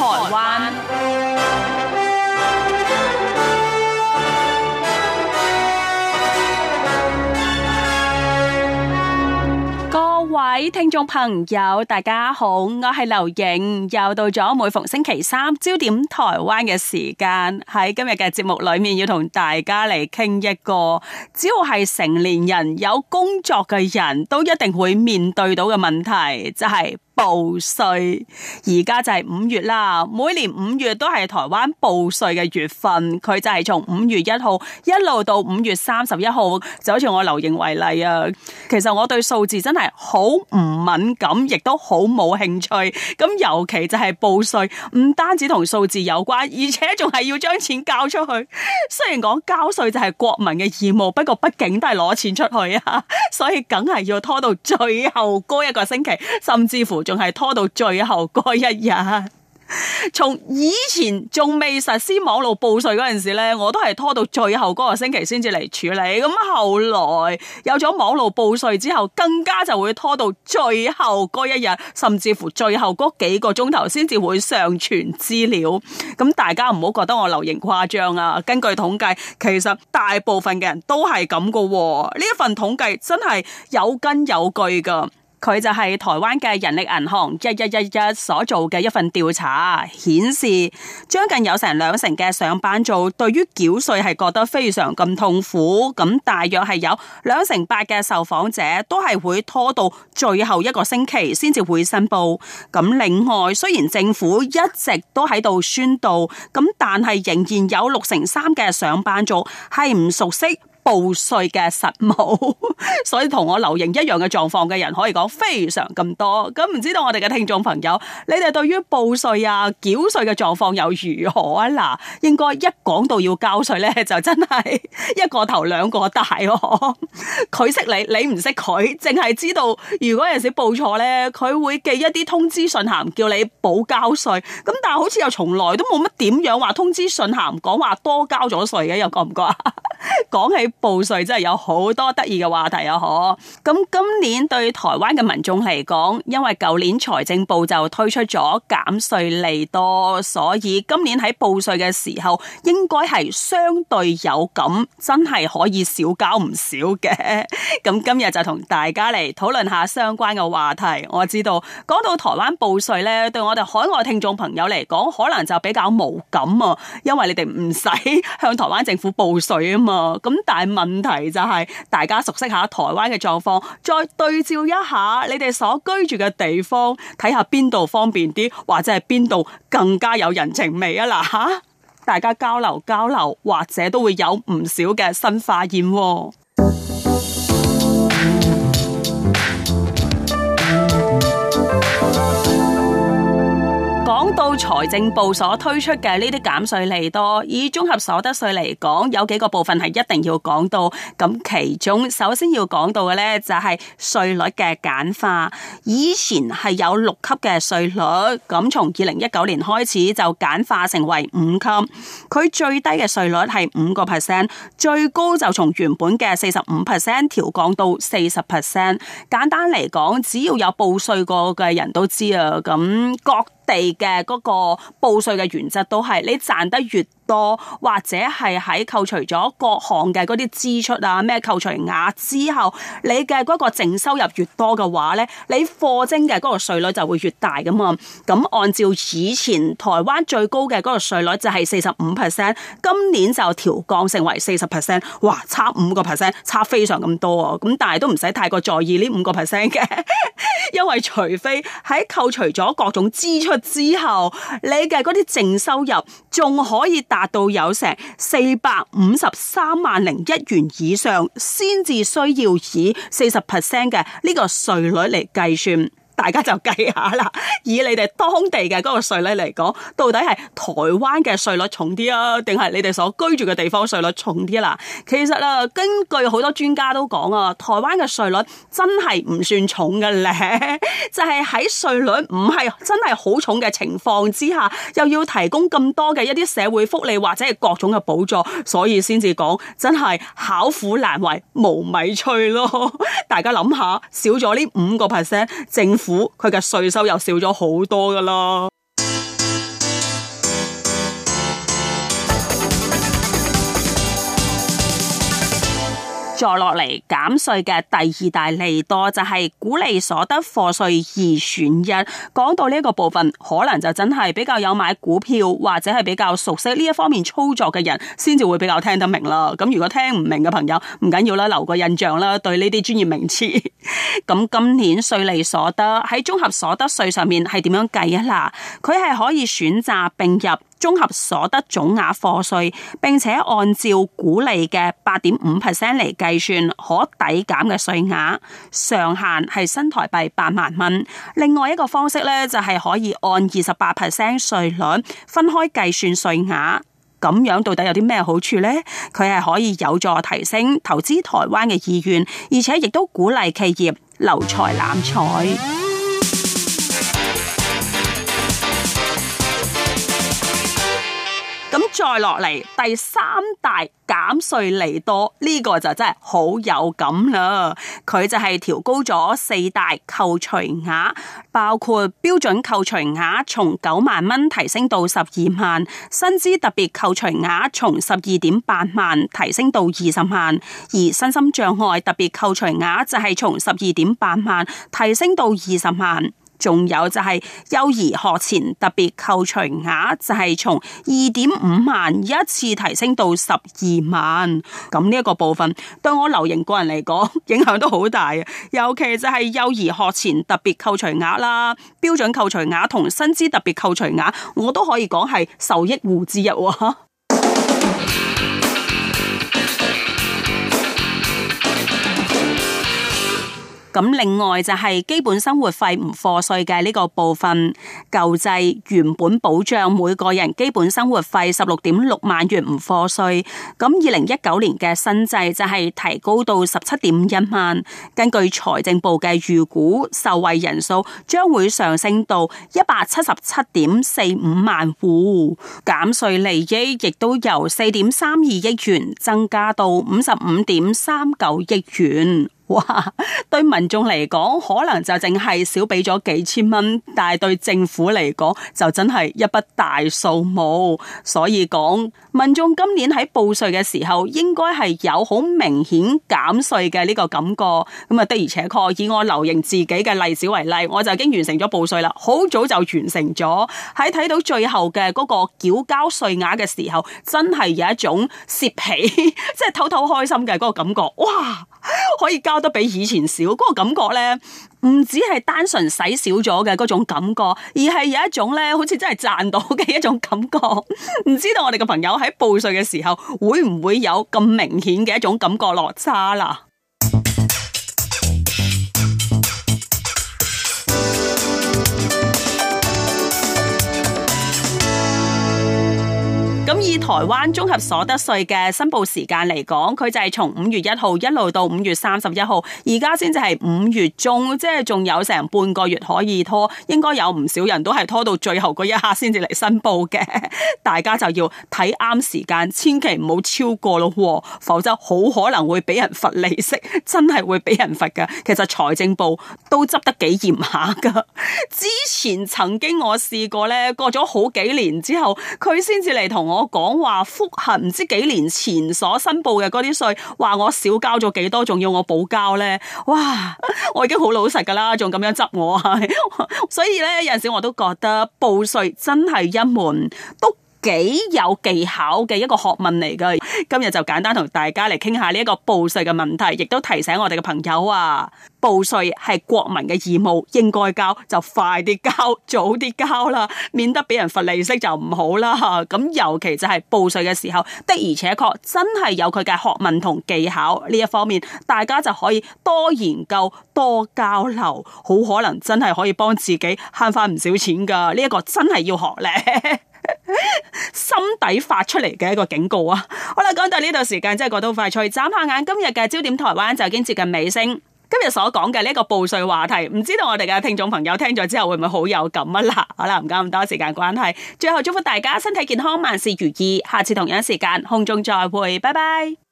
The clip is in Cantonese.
台灣各位聽眾朋友，大家好，我係劉穎，又到咗每逢星期三焦點台灣嘅時間。喺今日嘅節目裏面，要同大家嚟傾一個，只要係成年人有工作嘅人都一定會面對到嘅問題，就係。報稅而家就係五月啦，每年五月都係台灣報稅嘅月份，佢就係從五月一號一路到五月三十一號，就好似我留言為例啊。其實我對數字真係好唔敏感，亦都好冇興趣。咁尤其就係報稅，唔單止同數字有關，而且仲係要將錢交出去。雖然講交稅就係國民嘅義務，不過畢竟都係攞錢出去啊，所以梗係要拖到最後嗰一個星期，甚至乎。仲係拖到最後嗰一日，從以前仲未實施網絡報稅嗰陣時呢，我都係拖到最後嗰個星期先至嚟處理。咁後來有咗網絡報稅之後，更加就會拖到最後嗰一日，甚至乎最後嗰幾個鐘頭先至會上傳資料。咁大家唔好覺得我流言誇張啊！根據統計，其實大部分嘅人都係咁噶，呢一份統計真係有根有據噶。佢就係台灣嘅人力銀行1111所做嘅一份調查顯示，將近有成兩成嘅上班族對於繳稅係覺得非常咁痛苦，咁大約係有兩成八嘅受訪者都係會拖到最後一個星期先至會申報。咁另外，雖然政府一直都喺度宣導，咁但係仍然有六成三嘅上班族係唔熟悉報稅嘅實務，所以同我留言一樣嘅狀況嘅人可以講非常咁多。咁唔知道我哋嘅聽眾朋友，你哋對於報稅啊繳稅嘅狀況又如何啊？嗱，應該一講到要交稅呢，就真係一個頭兩個大哦。佢識你，你唔識佢，淨係知道如果有時報錯呢，佢會寄一啲通知信函叫你補交稅。咁但係好似又從來都冇乜點樣話通知信函講話多交咗稅嘅，又覺唔覺啊？講起報稅真係有好多得意嘅話題啊！嗬，咁今年對台灣嘅民眾嚟講，因為舊年財政部就推出咗減稅利多，所以今年喺報稅嘅時候應該係相對有感，真係可以少交唔少嘅。咁今日就同大家嚟討論下相關嘅話題。我知道講到台灣報稅呢，對我哋海外聽眾朋友嚟講，可能就比較無感啊，因為你哋唔使向台灣政府報稅啊嘛。咁但係問題就係，大家熟悉下台灣嘅狀況，再對照一下你哋所居住嘅地方，睇下邊度方便啲，或者係邊度更加有人情味啊，嗱吓，大家交流交流，或者都會有唔少嘅新發現喎。到財政部所推出嘅呢啲減稅利多，以綜合所得稅嚟講，有幾個部分係一定要講到。咁其中首先要講到嘅呢，就係稅率嘅簡化。以前係有六級嘅稅率，咁從二零一九年開始就簡化成為五級。佢最低嘅稅率係五個 percent，最高就從原本嘅四十五 percent 調降到四十 percent。簡單嚟講，只要有報稅過嘅人都知啊。咁各地嘅嗰個報稅嘅原則都係你賺得越。多或者係喺扣除咗各項嘅嗰啲支出啊、咩扣除額之後，你嘅嗰個淨收入越多嘅話咧，你課徵嘅嗰個稅率就會越大噶嘛。咁按照以前台灣最高嘅嗰個稅率就係四十五 percent，今年就調降成為四十 percent，哇，差五個 percent，差非常咁多啊。咁但係都唔使太過在意呢五個 percent 嘅， 因為除非喺扣除咗各種支出之後，你嘅嗰啲淨收入仲可以達。達到有成四百五十三萬零一元以上，先至需要以四十 percent 嘅呢個稅率嚟計算。大家就計下啦，以你哋當地嘅嗰個稅率嚟講，到底係台灣嘅稅率重啲啊，定係你哋所居住嘅地方稅率重啲啦？其實啊，根據好多專家都講啊，台灣嘅稅率真係唔算重嘅咧，就係喺稅率唔係真係好重嘅情況之下，又要提供咁多嘅一啲社會福利或者係各種嘅補助，所以先至講真係巧婦難為無米炊咯。大家諗下，少咗呢五個 percent 政府。佢嘅稅收又少咗好多噶啦。再落嚟減稅嘅第二大利多就係股利所得課稅二選一。講到呢一個部分，可能就真係比較有買股票或者係比較熟悉呢一方面操作嘅人先至會比較聽得明啦。咁如果聽唔明嘅朋友，唔緊要啦，留個印象啦，對呢啲專業名詞。咁 今年稅利所得喺綜合所得稅上面係點樣計啊？嗱，佢係可以選擇並入。綜合所得總額課稅，並且按照股利嘅八點五 percent 嚟計算可抵減嘅稅額，上限係新台幣八萬蚊。另外一個方式咧，就係、是，可以按二十八 percent 稅率分開計算稅額。咁樣到底有啲咩好處呢？佢係可以有助提升投資台灣嘅意願，而且亦都鼓勵企業留才攬才。再落嚟，第三大減稅利多，呢個就真係好有感啦。佢就係調高咗四大扣除額，包括標準扣除額從九萬蚊提升到十二萬，薪資特別扣除額從十二點八萬提升到二十萬，而身心障礙特別扣除額就係從十二點八萬提升到二十萬。仲有就係幼兒學前特別扣除額，就係從二點五萬一次提升到十二萬。咁呢一個部分對我流行個人嚟講影響都好大啊！尤其就係幼兒學前特別扣除額啦，標準扣除額同薪資特別扣除額，我都可以講係受益戶之一。咁另外就係基本生活費唔課稅嘅呢個部分舊制原本保障每個人基本生活費十六點六萬元唔課稅，咁二零一九年嘅新制就係提高到十七點一萬。根據財政部嘅預估，受惠人數將會上升到一百七十七點四五萬戶，減稅利益亦都由四點三二億元增加到五十五點三九億元。哇！對民眾嚟講，可能就淨係少俾咗幾千蚊，但係對政府嚟講，就真係一筆大數目。所以講，民眾今年喺報稅嘅時候，應該係有好明顯減稅嘅呢個感覺。咁、嗯、啊，的而且確，以我留意自己嘅例子為例，我就已經完成咗報稅啦。好早就完成咗。喺睇到最後嘅嗰個繳交稅額嘅時候，真係有一種竊喜，即係偷偷開心嘅嗰個感覺。哇！可以交得比以前少，嗰個感覺呢，唔止係單純使少咗嘅嗰種感覺，而係有一種呢，好似真係賺到嘅一種感覺。唔知道我哋嘅朋友喺報稅嘅時候，會唔會有咁明顯嘅一種感覺落差啦？咁以台灣綜合所得稅嘅申報時間嚟講，佢就係從五月一號一路到五月三十一號，而家先至係五月中，即係仲有成半個月可以拖，應該有唔少人都係拖到最後嗰一刻先至嚟申報嘅。大家就要睇啱時間，千祈唔好超過咯，否則好可能會俾人罰利息，真係會俾人罰噶。其實財政部都執得幾嚴下噶。之前曾經我試過咧，過咗好幾年之後，佢先至嚟同我。我講話複核唔知幾年前所申報嘅嗰啲稅，話我少交咗幾多，仲要我補交呢？哇！我已經好老實噶啦，仲咁樣執我啊！ 所以呢，有陣時我都覺得報稅真係一門都。幾有技巧嘅一個學問嚟嘅，今日就簡單同大家嚟傾下呢一個報稅嘅問題，亦都提醒我哋嘅朋友啊，報稅係國民嘅義務，應該交就快啲交，早啲交啦，免得俾人罰利息就唔好啦。咁、啊、尤其就係報稅嘅時候，的而且確真係有佢嘅學問同技巧。呢一方面，大家就可以多研究多交流，好可能真係可以幫自己慳翻唔少錢噶。呢、這、一個真係要學咧。 心底發出嚟嘅一個警告啊！ 好啦，講到呢度，時間真係過到快脆。眨下眼，今日嘅焦點台灣就已經接近尾聲。今日所講嘅呢一個報稅話題，唔知道我哋嘅聽眾朋友聽咗之後會唔會好有感啊？啦，好啦，唔講咁多時間關係，最後祝福大家身體健康，萬事如意。下次同樣時間空中再會，拜拜。